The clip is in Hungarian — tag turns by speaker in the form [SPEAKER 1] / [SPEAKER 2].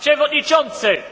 [SPEAKER 1] przewodniczący!